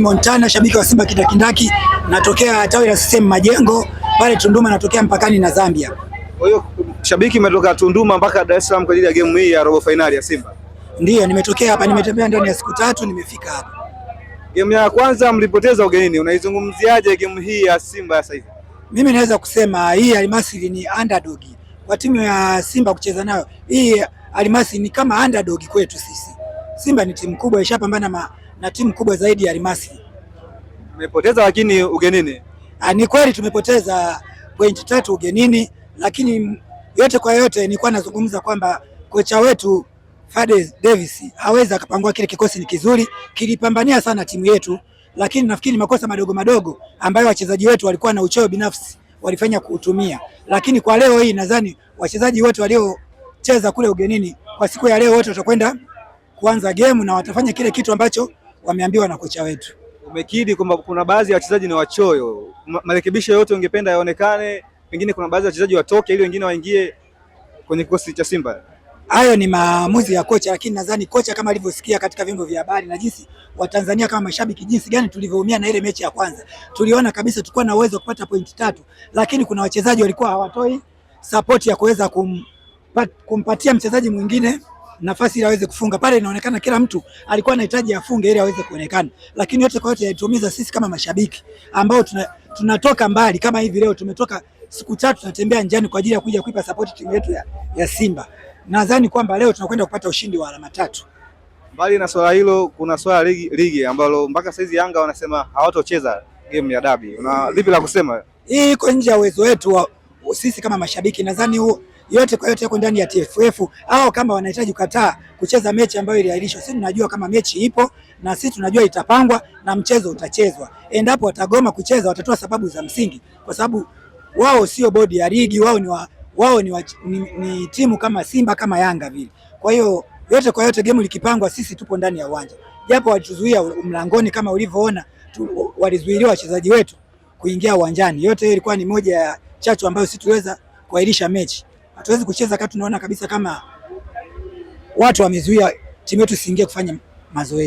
Montana, shabiki wa Simba kidakindaki, natokea tawi la CCM majengo pale Tunduma, natokea mpakani na Zambia. Kwa hiyo shabiki umetoka Tunduma mpaka Dar es Salaam kwa ajili ya game hii ya robo finali ya Simba? Ndiyo, nimetokea hapa, nimetembea ndani ya siku tatu, nimefika hapa. Game ya kwanza mlipoteza ugenini, unaizungumziaje game hii ya Simba sasa hivi? Mimi naweza kusema hii Almasiri ni underdog kwa timu ya Simba kucheza nayo. Hii Almasiri ni kama underdog kwetu sisi Simba ni timu kubwa, ishapambana na, na timu kubwa zaidi ya Almasi. Tumepoteza lakini ugenini. Ah, ni kweli tumepoteza pointi tatu ugenini, lakini yote kwa yote nilikuwa nazungumza kwamba kocha wetu Fadel Davis hawezi akapangua kile kikosi. Ni kizuri, kilipambania sana timu yetu, lakini nafikiri makosa madogo madogo ambayo wachezaji wetu walikuwa na uchoyo binafsi walifanya kuutumia, lakini kwa leo hii nadhani wachezaji wote waliocheza kule ugenini kwa siku ya leo wote watakwenda kuanza game na watafanya kile kitu ambacho wameambiwa na kocha wetu. umekidi kwamba kuna baadhi ya wachezaji ni wachoyo, marekebisho yote ungependa yaonekane, pengine kuna baadhi ya wachezaji watoke ili wengine waingie kwenye kikosi cha Simba. Hayo ni maamuzi ya kocha, lakini nadhani kocha kama alivyosikia katika vyombo vya habari na jinsi Watanzania kama mashabiki jinsi gani tulivyoumia na ile mechi ya kwanza, tuliona kabisa tulikuwa na uwezo kupata pointi tatu, lakini kuna wachezaji walikuwa hawatoi support ya kuweza kum, kumpatia mchezaji mwingine nafasi ili aweze kufunga pale. Inaonekana kila mtu alikuwa anahitaji afunge ili aweze kuonekana, lakini yote kwa yote yaitumiza sisi kama mashabiki ambao tuna, tunatoka mbali kama hivi leo tumetoka siku tatu tunatembea njiani kwa ajili ya kuja kuipa support timu yetu ya, ya Simba. Nadhani kwamba leo tunakwenda kupata ushindi wa alama tatu. Mbali na swala hilo, kuna swala ligi, ligi ambalo mpaka saizi Yanga wanasema hawatocheza game ya dabi. Una lipi la kusema? Hii iko nje ya uwezo wetu sisi kama mashabiki, nadhani yote kwa yote yako ndani ya TFF, au kama wanahitaji kukataa kucheza mechi ambayo iliahirishwa, sisi tunajua kama mechi ipo na sisi tunajua itapangwa na mchezo utachezwa. Endapo watagoma kucheza, watatoa sababu za msingi, kwa sababu wao sio bodi ya ligi, wao ni wa, wao ni, wa, ni, ni timu kama Simba kama Yanga vile. Kwa hiyo yote kwa yote game likipangwa, sisi tupo ndani ya uwanja, japo walituzuia mlangoni kama ulivyoona, walizuiliwa wachezaji wetu kuingia uwanjani. Yote hiyo ilikuwa ni moja ya chachu ambayo sisi tuweza kuahirisha mechi hatuwezi kucheza kati, tunaona kabisa kama watu wamezuia timu yetu siingie kufanya mazoezi.